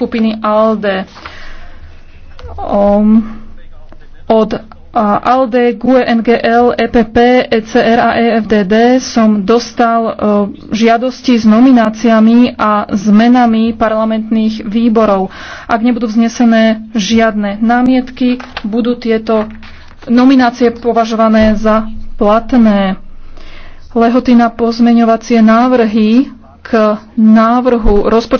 skupiny ALDE. Um, od ALDE, GUE, NGL, EPP, ECR a EFDD som dostal uh, žiadosti s nomináciami a zmenami parlamentných výborov. Ak nebudú vznesené žiadne námietky, budú tieto nominácie považované za platné. Lehoty na pozmeňovacie návrhy k návrhu rozpočtu